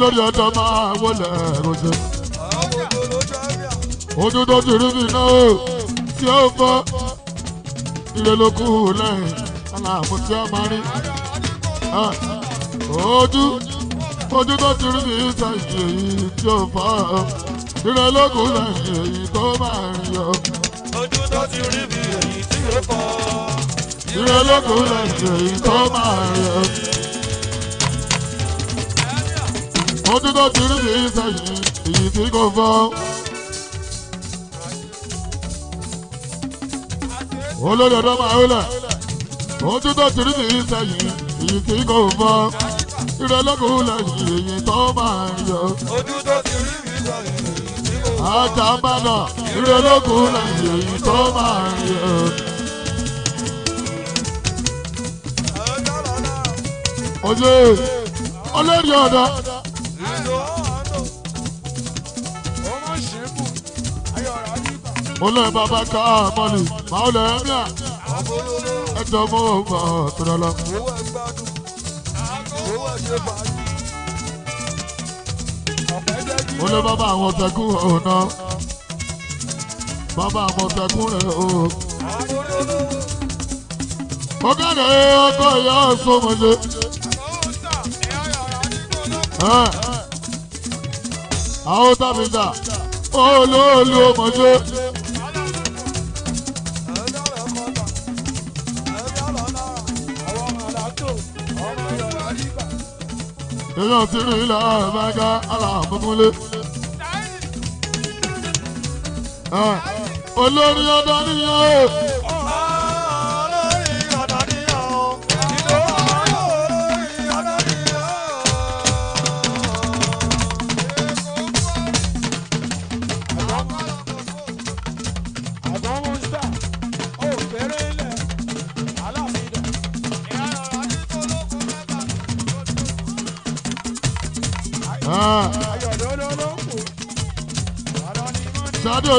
lórí ọ̀dọ́ máa wọlé rọ̀jò. ojú tó ti rí mi náà tí ó fọ́ ire ló kù lẹ́yìn aláàbò tí a máa rí. Ah, ojú ojú tó ti rí mi sàyè èyí tí ó fọ́ ire ló lẹ́yìn èyí tó máa rí yọ. ojú tó ti rí mi èyí tí ó fọ́ ire ló lẹ́yìn èyí tó máa rí yọ ojú tó ti rí ti sẹ́yìn èyí tí kò fọ́. olórí ọ̀dọ́ máa ń lẹ̀ ojú tó ti rí ti sẹ́yìn èyí tí kò fọ́. ìrẹ́lẹ́kùn lẹ́yìn èyí tó máa ń yọ. ojú tó ti rí ti sẹ́yìn àtàmánà ìrẹ́lógún lẹ́yìn èyí tó máa ń yọ. oye olórí ọ̀dọ́ olóyè bàbá ká àmọ́lì màá lọ ẹ̀mí à ẹjọ́ mọ́ ọ̀gbà tọ́lá lọ. olóyè bàbá àwọn ọ̀tẹ̀kùn ọ̀nà bàbá àwọn ọ̀tẹ̀kùn rẹ̀ o. ọ̀gáde ọkọ̀ ìyá ọ̀sọ́mọdé. àwọn tábìlì dà olóòlù ọmọdé. èèyàn ti rìn ilẹ̀ ẹ̀ẹ́dẹ́gá aláàbùkúnlé. olórí ọdọ nìyẹn o.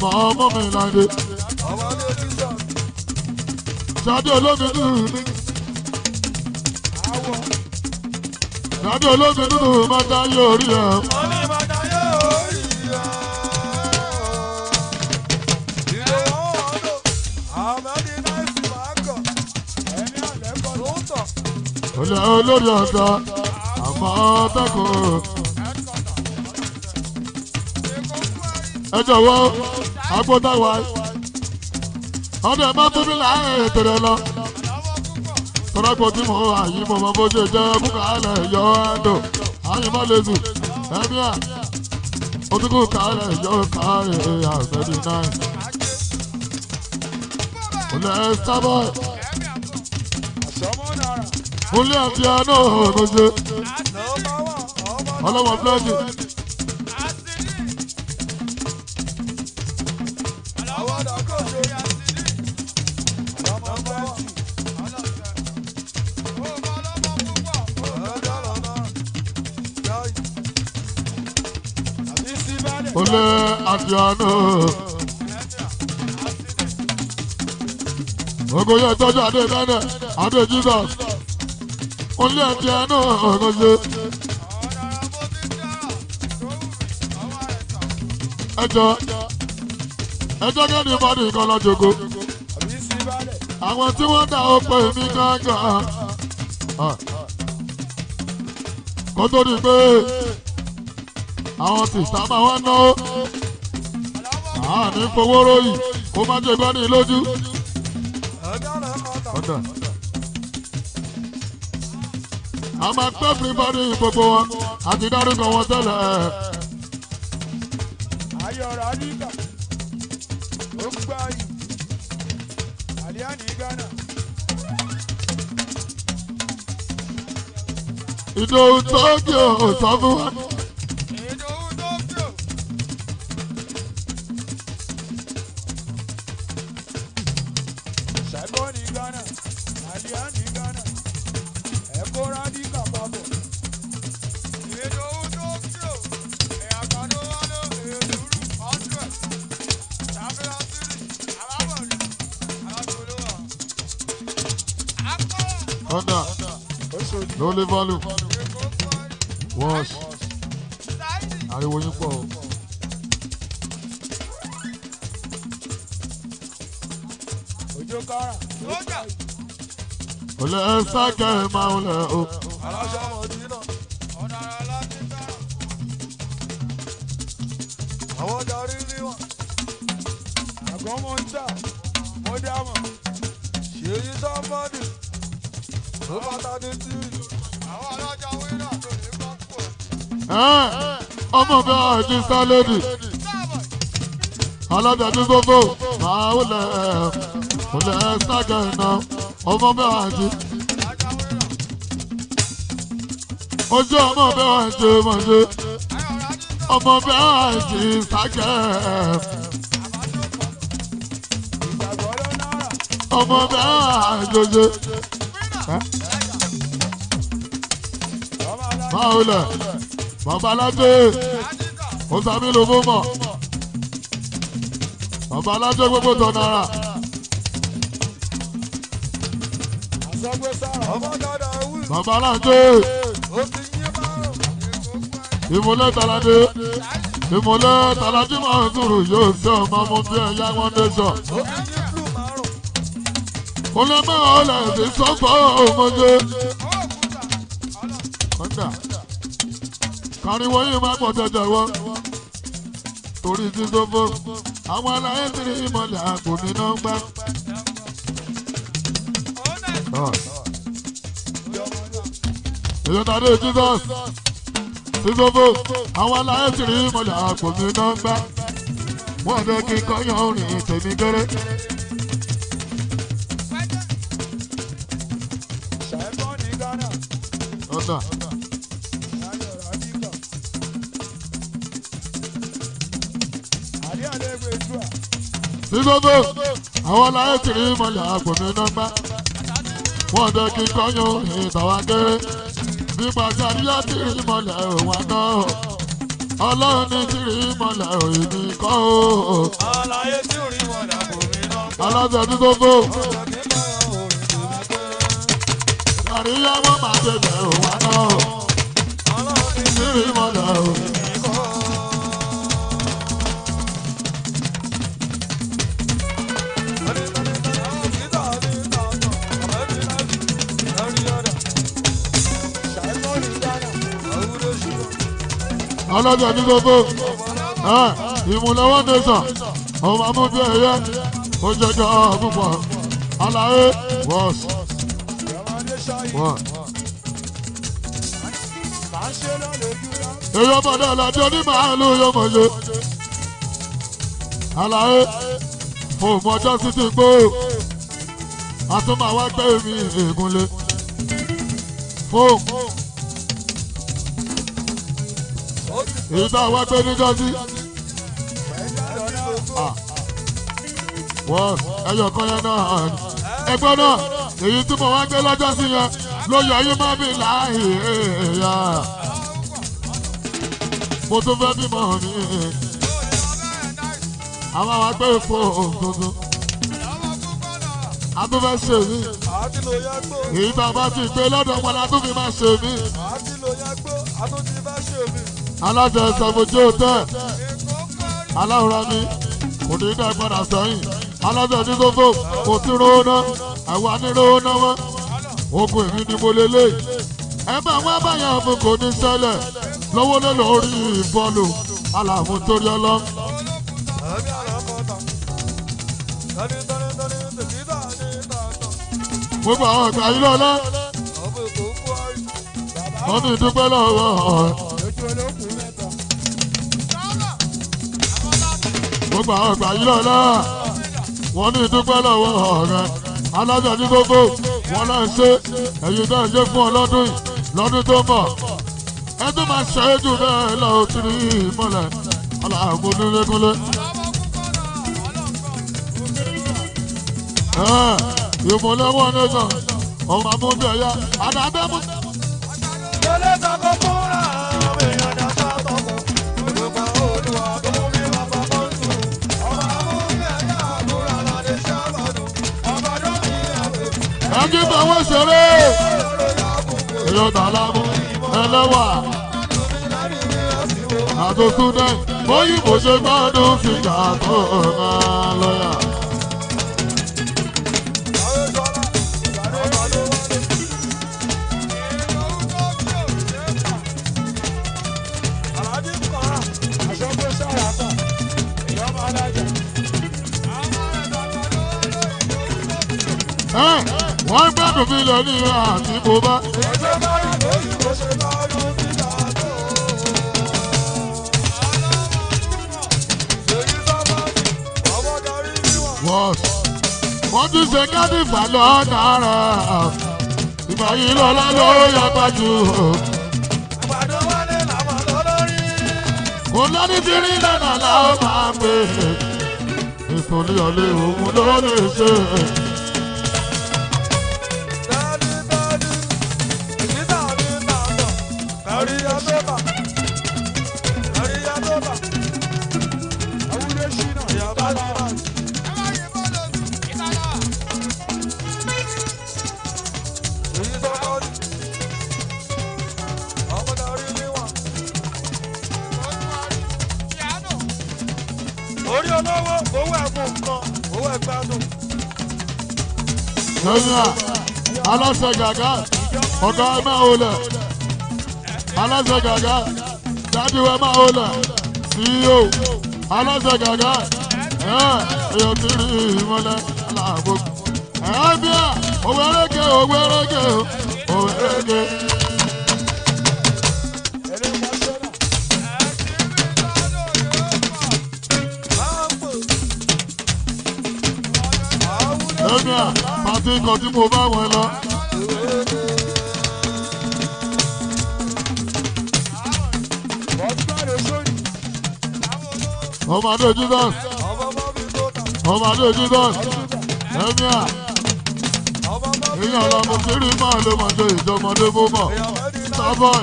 bàbá ọmọ mi láde. Ṣadé olómi dùn mí. Ṣadé olómi dùn má dáyé orí ẹ̀. Olè olórí ọ̀gá àmọ́ bẹ́ẹ̀ kọ́. Ẹ jọ̀wọ́ agbóná wa ọdọ ẹ má tó mi láàrin ètò rẹ lọ tọ́lágbó tí mo wà yìí mo mọ bó ṣe jẹ́ búkà alẹ̀ yọ ẹ́ndò àyìnbó lẹ́sù ẹ̀mí à otukú kàálẹ̀ yọ kàálẹ̀ àṣẹ́dì náà olè starboy olè àti àná ògòjè ọlọ́wọ́ blẹ́dì. àbíọ́nù. ogoye tọ́jú adé dáná adé jesus olú ẹ̀tì ẹnu ogoye. ẹjọ ẹjọ kẹ́ni bọ́dì kan lọ́jọ́gó àwọn tí wọ́n dà ó pè mí gángan kó tó di pé àwọn tìṣà máa wá náwó ní fowó róyìn kó má jẹ gbọ́dọ̀ lójú. a máa pẹ́ everybody gbogbo wọn àti dárúkọ wọn tẹ́lẹ̀. ayọ̀ rà ní ìgbà ó ń gbá yìí àlẹ́ àní Ghana. ìdòwú tó kí o sọ fún wa. bọ́ọ̀lù wọ́ọ̀sì ariwo yín pọ̀ o. olè sákẹ́ máa ń lẹ̀ o. àwọn darí ní wọn àgọ́ mọ̀ ń tà mọ́ dá mọ̀ ṣèyí sábọ́dì ló bá ta dé tìrì ọmọ bẹ ọjì sálẹ́dì alábẹ̀bí gbogbo máa ó lẹ̀ ó lẹ̀ ságẹ̀ iná ọmọ bẹ ọjì. Ah, ojú ọmọ bẹ ọjì mọ̀jẹ̀ ọmọ bẹ ọjì ságẹ̀ ọmọ bẹ ọjì. Máa ó lẹ̀ bàbá alájẹ ó sábì ló fún mọ bàbá alájẹ gbogbo tọ náírà. bàbá alájẹ ìmúlẹ̀ tàlàdé ìmúlẹ̀ tàlàdé máa ń sùúrù yóò ṣe ọmọ mu bí ẹ̀yà wọn dé sọ. olè máa ń lẹ̀ sí sọ́kọ̀ ariwo yìí máa pọ̀ jọjọ wọ́ torí sísófó àwọn aláyé tìrì ìmọ̀lẹ̀ àpò mi gbá. èyí tàdé Jesus sísófó àwọn aláyé tìrì ìmọ̀lẹ̀ àpò mi gbá. wọ́n fẹ́ kí kọ́yọ̀ orin tèmi kéré. ọ̀nà. sísọ́sọ́ àwọn láyé tìrí mọ́lẹ̀ àgbòmí nọ́mbà wọ́n dẹ́ kí kọ́yún ìtàwá kéré nípa sí àríyá tìrí mọ́lẹ̀ òun àná ọlọ́run ní tìrí mọ́lẹ̀ òyìnbí kọ́ o. àlàyé tìrí mọ́lẹ̀ àgbòmí nọ́mbà. alájà sísọ́sọ́. àríyá mọ́ màá tẹ̀lé òun àná tìrí mọ́lẹ̀ òyìnbí. ọlọ́jọ́ ní gbogbo ìmúlọ́wọ́ nation ọmọ amúdú ẹ̀yẹ ojọjọ púpọ̀ aláyé wọ́ọ̀sì. èyí ọmọdé ọ̀làdé onímọ̀ àlù yóò mọ̀ ṣe aláyé òmò ọjọ́ sí ti gbó àtúmọ̀ àwọn ẹgbẹ́ mi ìgúnlẹ̀ fóònù. èyí tá a wá pé níjọ́sí. wọ́n ah. ẹyọ kan yẹn náà ah. ẹgbọ́n náà èyí tí mo wá gbé lọ́jọ́sí yẹn ló yọ ayé má mi láàyè ẹ̀yà. mo tún fẹ́ bímọ mi. àwọn àwọn agbẹ́ ìfọ ògógó. a tún fẹ́ ṣe mí. èyí tá a bá ti gbé lọ́dọ̀ wọn la tún fi máa ṣe mí. a ti lò yàgbó tún ti bá ṣe mí aláṣẹ sọfojú òtẹ aláwòrán mi kò ní dá padà sẹ́yìn aláṣẹ dísòfò kò sí rówó ná àwa ní rówó ná wọn ogun èmi ni mo lè lé ẹ bá wọn báyàn fún kò ní ṣẹlẹ̀ lọ́wọ́ lé lórí ìbọlù aláàmú torí ọlọ. gbogbo àwọn ọ̀gá yìí lọ́lá wọ́n ní ìdúpẹ́ lọ́wọ́ ọ̀hún. ọgbà ọgbà yìí lọ́la wọ́n ní ìdúpẹ́ lọ́wọ́ ọ̀rẹ́ alájà ní gbogbo wọn náà ṣe ẹ̀yìn náà ṣe fún ọ lọ́dún tó mọ̀ ẹ máa ṣe é jù bẹ́ẹ̀ lọ kiri ìmọ̀lẹ̀ aláàbò nílékúnlé. ìmọ̀lẹ̀ wọn ní sàn ọ̀rọ̀ àmúdẹ̀yà àdàbẹ̀mú. yọlé sọ fún ba akíbọ̀wé ṣeré ìyọ̀tàlámú ẹlẹ́wà àtòkù náà bóyìnbó ṣe gbádùn fìgbà tó lo ya. dùn mí lọ ní àti mo bá. ẹgbẹ́ márùn-ún lóyún bó ṣe márùn-ún ní wọ́n wọ́n ṣe kádìfà lọ́nà ara ìgbà yìí lọ́lá ló yàgbá jù. àgbàdo wálé làwọn lọ́lọ́rí. kò lọ́ní ti rí lọ́nà làwọn máa ń pè é. ìfòlíyọ̀lé òun ló lè ṣe é. yín à aláṣẹ gàgá ọ̀gá ẹ máa wọlé aláṣẹ gàgá dájú ẹ máa wọlé CEO aláṣẹ gàgá ẹ èèyàn ti rí ìmọ̀lẹ̀ aláàbò ẹ Abia, òwe eréke òwe Yeah àti nǹkan tí mo bá wọn lọ. ọmọdé jesus ọmọdé jesus ẹmíà èèyàn lọmọ kiri máa ló mọ̀ ṣe ìjọmọdé bó mọ̀ sábọ̀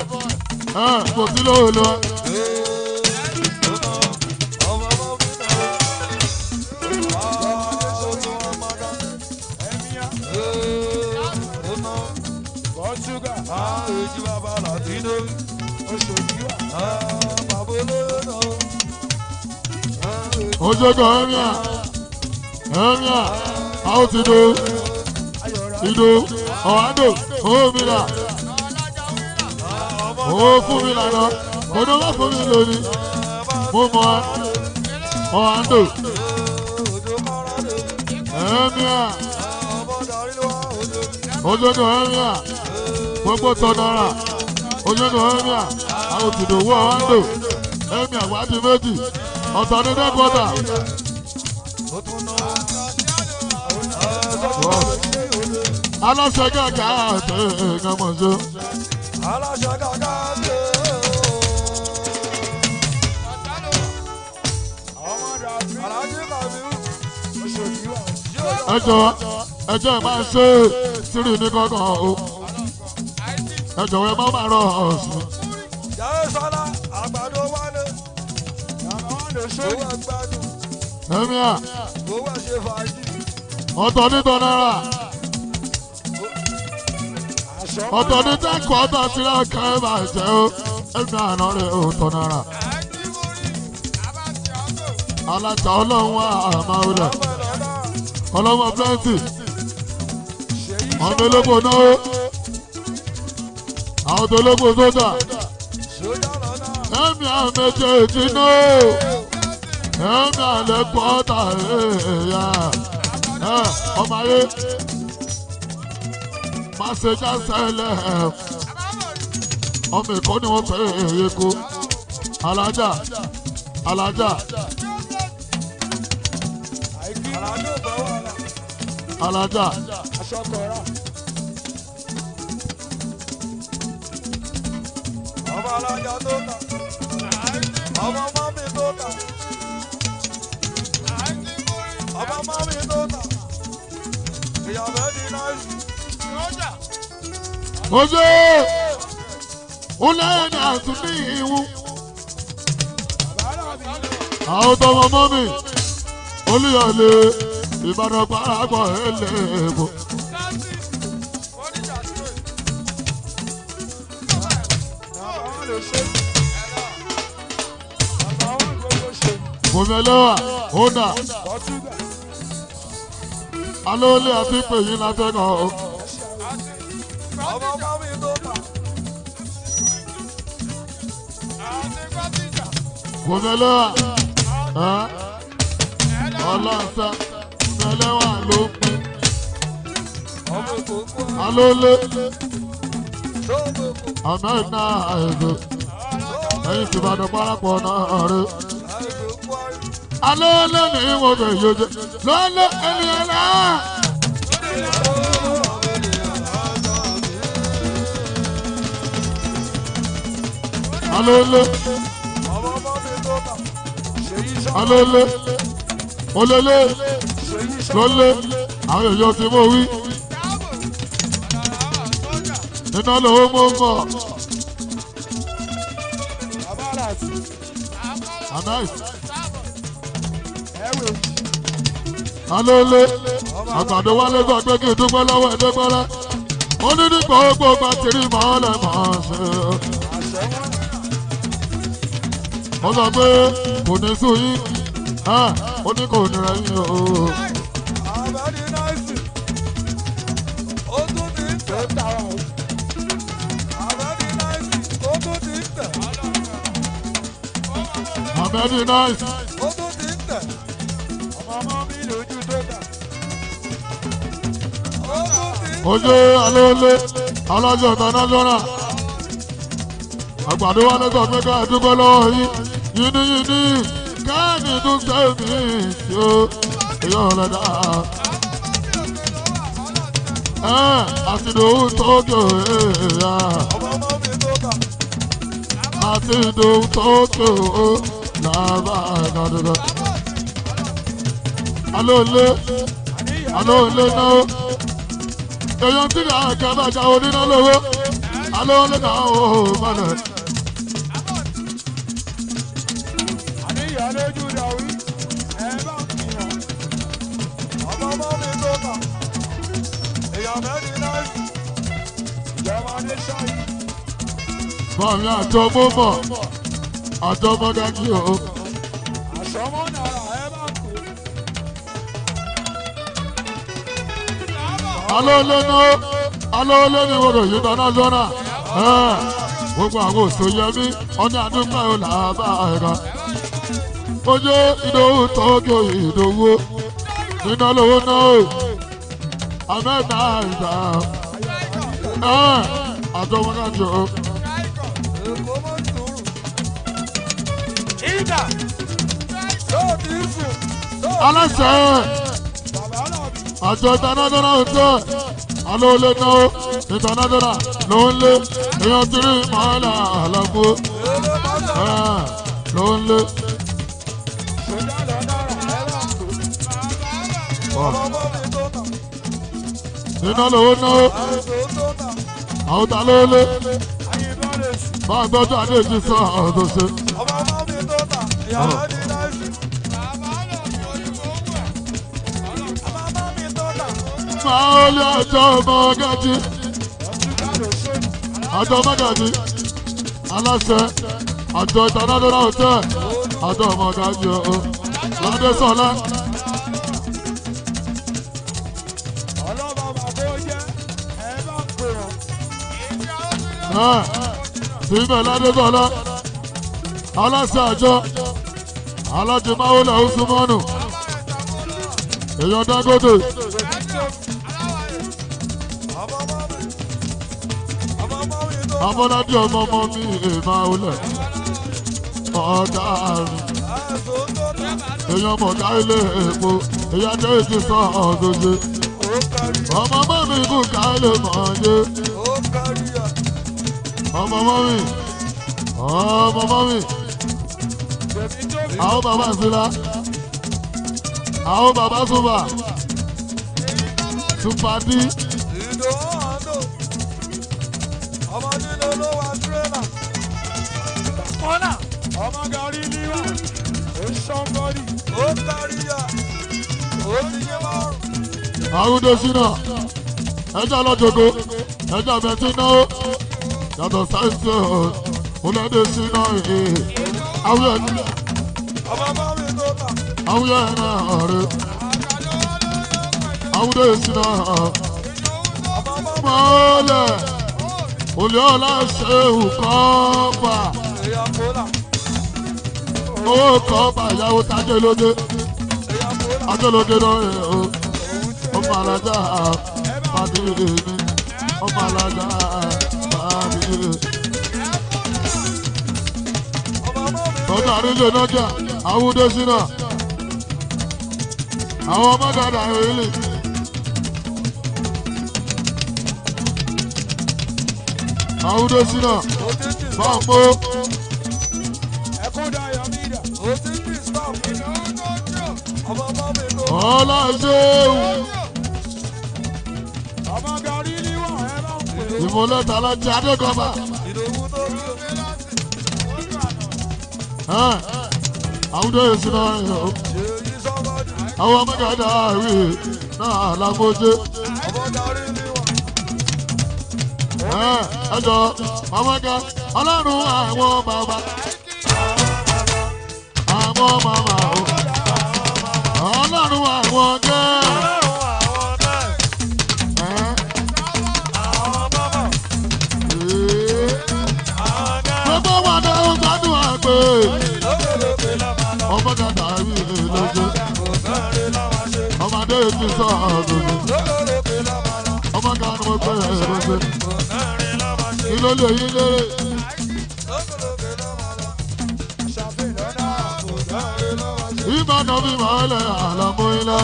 ẹ̀ kò sí lóòlù ẹ̀. Indomie Òṣòdì bàbá olóró náà. Ojoko Emia Emia out Ido Ido Ọ̀hádò Òmìnira Ó fún mi lànà Odò wà fún mi lónìí Mo mọ Ọ̀hádò Emia Ojoko Emia gbogbo tọ̀nà rà onyenu emia aotidowo ondo emia wadi méjì ọ̀tọ̀ ní dẹ́kọ̀tà. aláṣẹ gàgà tẹ ẹ̀ẹ́dẹ́gbọ̀nṣe. aláṣẹ gàgà tẹ. ẹjọ ẹjọ ẹ máa ṣe é sírì ní kankan o ẹ jọ̀wọ́ ẹ má má rọ ọ̀sùn. Jàre Sọlá àgbàdo wà ní. Owó àgbàdo. Ẹ̀míà. Owó àṣẹ fàájì. Ọ̀tọ̀ nítọ̀ náírà. Ọ̀tọ̀ ní tẹ́kọ̀ ọ̀tọ̀ sílẹ̀ kan ẹ̀ máa jẹ́ o. Ẹ̀mí àná rẹ̀ ò tọ̀ náírà. Alájà ọlọ́run àmà ọlọ́. Ọlọ́mọ Plenty. Ọmọ olóko náà àwọn tó lóko sódà ẹ̀mí àmẹ́jẹ̀ẹ́jì náà ẹ̀mí àlẹ́kọ̀ọ́ ọ̀tà ẹ̀yà ọmọ ayé má ṣe já sẹ́lẹ̀ ọmọ ẹ̀kọ́ ni wọ́n pẹ́ èyí kú alájà alájà alájà. ọmọ alájà tó kà ọmọ mọ́mí tó kà ọmọ mọ́mí tó kà ìyàwó ẹni náà ìwú. Àwọn tọmọ mọ́mí olùyọ̀lẹ̀ ìbàdàn parapọ̀ ẹlẹ́gbọ̀n. Bùnmi ẹlẹ́wà hódà. Alóòlé àti pèyí látẹ́kàn o. Bùnmi ẹlẹ́wà ọlọ́ọ̀sẹ̀ Bùnmi ẹlẹ́wà ló pin. Alóòlé àmọ́ ìná àìsàn ẹ̀yìn tìbàdàn parapọ̀ náà rẹ̀ alóòlè ní ìwọ̀n bẹ̀ yóò jẹ lọ́lẹ̀ ènìyàn náà. alóòlè alóòlè olólè lọ́lẹ̀ àwọn èèyàn ti mú wí. iná lówó mú mọ́. Anáìsí. alóòlé àgbàdo wálé gbọ́ pé kí n dúpẹ́ lọ́wọ́ ẹ̀dẹ́gbẹ́lá ó ní ní gbogbo bàtìrì mọ́lẹ̀ mọ́ ṣe. ó sọ pé kò ní sùn yín ó ní kò nira yín o. Very nice. ojú alóòlé alájọ tanásọ́nà àgbàdo wa ní kọ̀ọ̀kẹ́kẹ́ àdúgbò lọ́wọ́ yìí yìnyín yìnyín káàní tó ń tẹ́ mi yó yó lẹ́dá. ẹ àti ìdòwú ẹ̀yà àti ìdòwú làbà kàdúrà. alóòlé alóòlé náà èèyàn tí náà kẹ́ bá ṣàwọn oníná lówó alówó ló kà ó mọ̀nà. àníyàn lójú rẹ̀ wí ẹ bá ń dájú o. alólénú alólénú ìwòrò yìí dáná lọ́nà gbogbo àwọn òṣèyẹmí ọ̀nà àdúgbò ẹ̀ làbá ẹ̀ka ojú ìdòwú tọ́jú ìdòwú iná lówó náà amẹ́ta ìgbà àtọwọ́nájọ. aláṣẹ àjọ international hotel alóòlé náwó international ló ń lé èèyàn tìrí mọ́lá àlàgbó ló ń lé. iná lówó náwó àwọn ta ló ń lé bá a gbọ́dọ̀ àdéhùn sọ àwọn tó ṣe. ọmọ ọmọ mi tó ta ìyá lọ́dún. Maoli àjọ ọmọ Gàjí àjọ ọmọ Gàjí aláṣẹ àjọ ìtànádọ́rà hotel àjọ ọmọ Gàjí ọ̀hún lọ́dẹ sọ̀lá. síbẹ̀ ládébọ̀lá aláṣẹ àjọ alájùmáwò làwọn súnmọ́nù èèyàn Dangote. abọ́dádé ọmọ ọmọ mi èèmà olẹ̀ ọ̀gá mi. èèyàn mọ̀gá ilé epo èèyàn jẹ́ èsì sọ ọ̀dọ́jẹ́ ọmọ ọmọ mi kù ká lè mọ̀ ọ́jẹ́ ọmọ ọmọ mi ọmọ ọmọ mi àwọn bàbá ìsìlá àwọn bàbá súnmà súnmà dín. mọ́nà ọmọ gàrí níwá ó ṣọ́ngọ́rì ó kárí yá ó ti yé márùn. àrùndé sínú ẹjọ́ lọ́jọ́gbó ẹjọ́ bẹ̀tí náà yàtọ̀ sáìsì ọ̀lẹ́dẹ̀ sínú àwùjọ àwùjọ náà rẹ̀ àwùjọ sínú mọ́lẹ̀ olùyọ́lá ṣe é hù kọ́ pa owó kan bá ìyàwó tájọ́ lóde ajọ́lódé lọ́rẹ̀ o ọmọ alájà pàdé mi ọmọ alájà pàdé mi. ọjọ́ àríjọ nọ́jà àwùdé sínú àwọn ọmọdàdà ìrìlì. àwùdé sínú báwo. ọlọ́ṣẹ́wù. ìmọ̀lẹ́ta lọ́jọ́ adékọ́ba. àwùjọ èsì náà yọ. àwọn mẹ́gàdá rí náà lágbójé. ẹ jọ màmáka ọlọ́run àwọn bàbá àwọn màmá o ọlọ́run àwọn náà. ọlọ́run àwọn náà. àwọn bàbá. gbogbo i lọ́jọ́. ọmọdé tọ́nà bí mọ́lẹ̀ àlọ́mú ilá.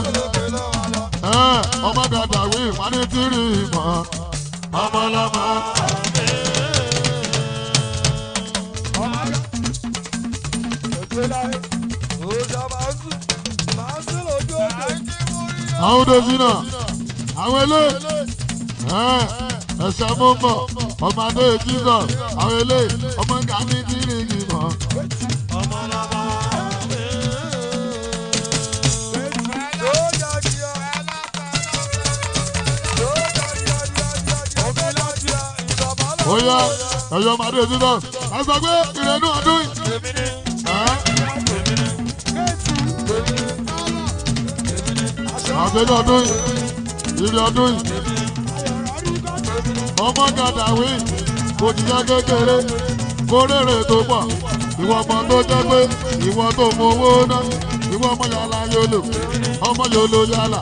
ọmọ dàda wí wọ́n ní tírì mọ́ ọmọlọ́mọ. àwọn odòfinà àwọn eléyìí ẹsẹ mú mọ ọmọdé jesus àwọn eléyìí ọmọ gani kiri ni mọ. Oya Ọ̀yọ́ Màdé Jesus àgbàgbé ìrẹ̀nú ọdún àgbẹ̀nú ọdún ìrẹ̀ ọdún ọmọ gàdàwí òjìyá kékeré kórèrè tó pọ̀ ìwọ ọmọ tó jẹ́ pé ìwọ tó mọ owó ná ìwọ ọmọ yàrá yòlò ọmọ yòlò yàrá.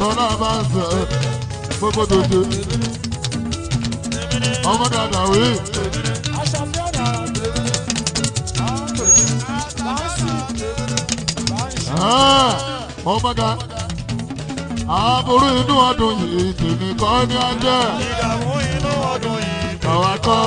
lọ́la bá ń sọ gbogbo dòdò ọmọ dàda wí. Ah, ọmọ ga àbúrò inú ọdún yìí tèmi kọ́ ní ajẹ́ àwa kọ́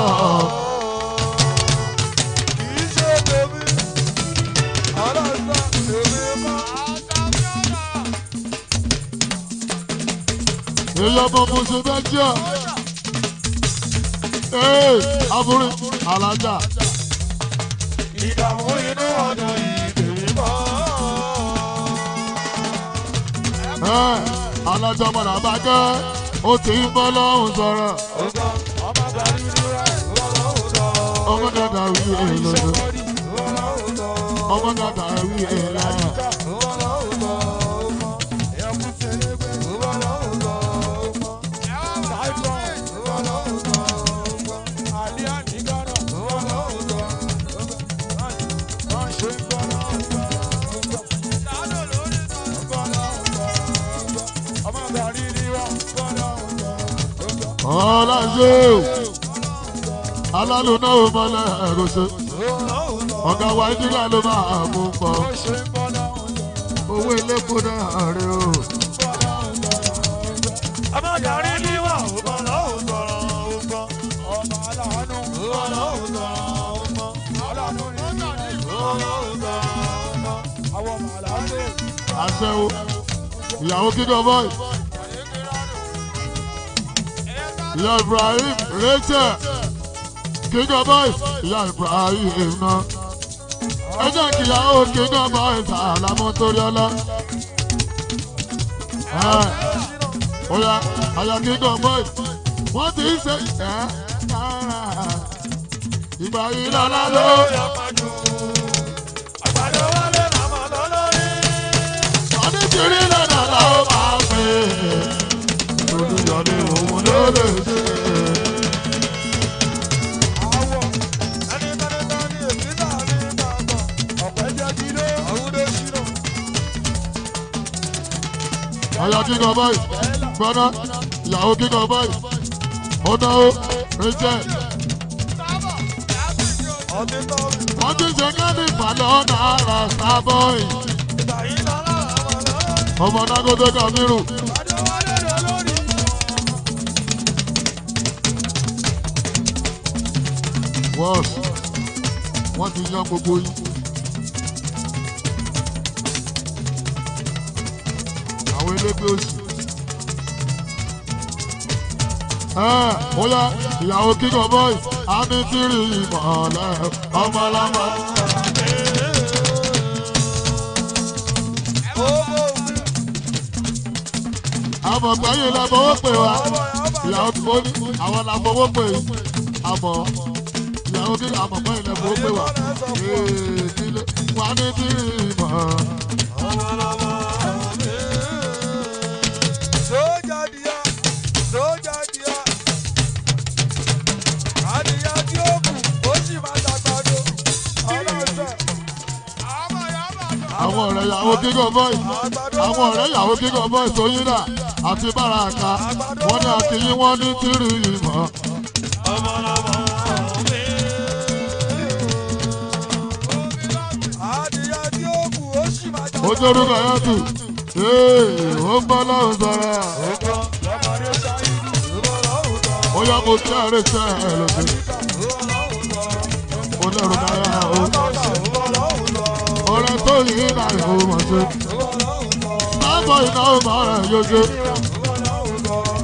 èyí ọmọ mo ṣe bẹ́ńtíà ee abúlé alájà. ìdààmú inú ọ̀dọ̀ ìbèrè mọ́. ẹ alájà padà bá kẹ́ ó ti ń bọ́ lọ́hùn sọ̀rọ̀. ọmọ dàda wí ẹ̀ lọ́dọ̀ ọmọ dàda wí ẹ̀ lọ́dọ̀. o alálùná ò mọlẹ ẹrọṣẹ ọgá wa ìdílà ló máa mú pọ owó elépo náà rè o. àṣẹ o ìyàwó kí ni lebrahim rachel kíngà boys ìyá ibrahim náà ẹ jẹ́ kíyàwó kíngà boys àlámọ́ torí ọlá. Oya àyà kíngà boys wọ́n ti ń ṣe ẹ́ ìgbà yìí lọ́la ló. Adé ti rí lọ́dọ̀ lọ́wọ́ máa ń pè é ní òun ló lè dé. Aya kíkan báyìí, gbọ́ná, ìyàwó kíkan báyìí, ó náwó, Rachel. Wọ́n ti ṣe kẹ́lí ìbàlọ́ náírà Starboy. Ọmọ Dangote Kamiru. bọ́ọ̀sì wọ́n ti yan gbogbo yín. àwọn elégbé òsì. ó yá ìyàwó kíkọ bọ́ọ̀sì á ní tírì ìmọ̀lẹ́ ọmọlámọ. àmọ̀gbọ́n yìí la fọwọ́ pè wá ìyàwó tó ní àwọn la fọwọ́ pè àmọ́ ọmọdé làmọ̀ mọ́ ilẹ̀ bó gbé wá. Èdílé wà ní dìrì Àwọn ọ̀rẹ́ ìyàwó gígọ̀ bọ́ì, àwọn ọ̀rẹ́ ìyàwó gígọ̀ bọ́ì sóyún náà àti báràkà, wọ́n ní akínyín wọ́n ní tìrì ìmọ̀. ojú orúkọ yóò tù ó ń bọ́ lọ́hùn sọ̀rọ̀ ó yá mo tí àárẹ̀ sẹ́ ẹ̀ lóde ó lẹ́rù náírà ó ọ̀rẹ́ tó yìí náírà ó mọ̀ sí bábọ̀ iná ó mọ̀ rẹ̀ yóge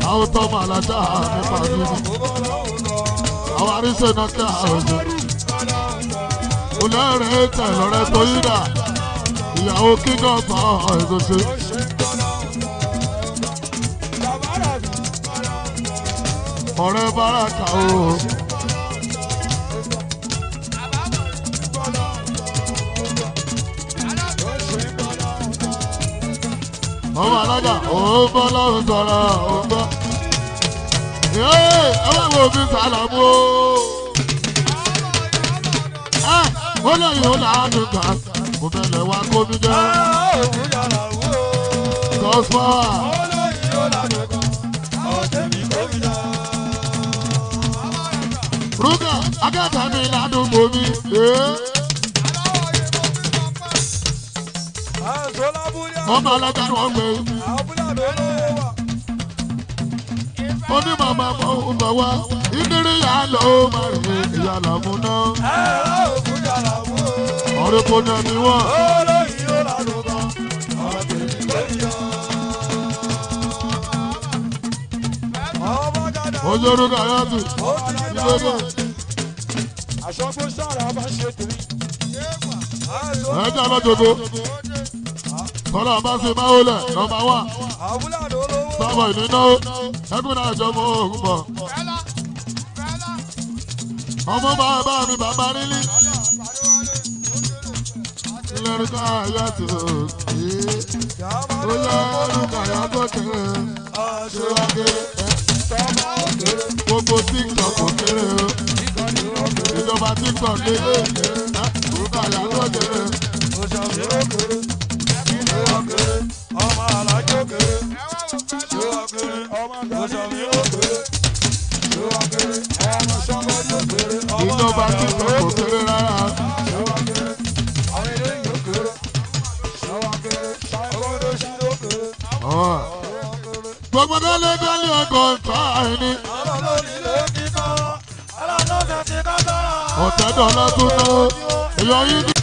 àwọn tó mọ̀ àlájá nípa nínú àwọn arísẹ́ náà kí àwọn ọ̀gbìn ó lẹ́rìn tẹ̀ lọ́rẹ́ tó yìí náà ìyàwó kíkọ́ sọ èso ṣe. ọ̀rẹ́ báràkà o. ọmọ alága òun bọ́ lọ́rùn sọ̀rọ̀ òun bọ́. ẹ wá wo mi sàlámù o. Ah, ó lóyún ó là á dùn kàn mo fẹ́ lẹ̀ wá kó mi jẹ́. òkú yàrá wò ó. gọ́sùpà. olóyìn ló lànà kan àwọn tèmi kó mi dá. rúgà akẹ́kọ̀ọ́ mi ládùúgbò mi. ọmọ alájà ni wọ́n gbé. àbúlà mi lóye oní màmá mọ ń bọ̀ wá ìdírí yà lọ ó má rè é ìyá làmú náà. ọ̀rẹ́ kò ní ẹni wọ́n. ojú orúkọ ayé àti ilé náà. àṣọgbó sára bá ṣe tèmi. ẹ̀ẹ́dá lọ́jọ́gbó. kọ́lá bá ṣe máa wọlé nọ́mbà wá. àbúlà ló ló bábọ̀ nínú ẹkún náà jọ mọ òògùn bọ̀. ọmọ bàbá mi bàbá nílí. lórúkọ àyà tó kí ó yá lórúkọ àyà tó kéré ṣé wá kéré gbogbo tiktok kò kéré o ìjọba tiktok kéré lórúkọ àyà tó kéré. ọmọ alájọ kéré ìjọba tí kò kò kéré rárá. gbogbo délé délé ọkọ̀ ọ̀tá ẹni. ọ̀tẹ̀dọ̀ lọ́dún náà èèyàn yìí.